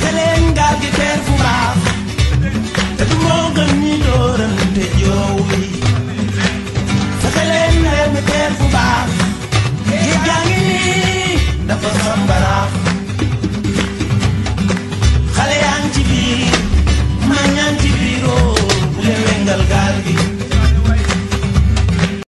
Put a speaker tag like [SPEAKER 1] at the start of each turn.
[SPEAKER 1] fexe leen gaal gi teer fu baax te du moo gën ñi dóorante joow yi fexe leen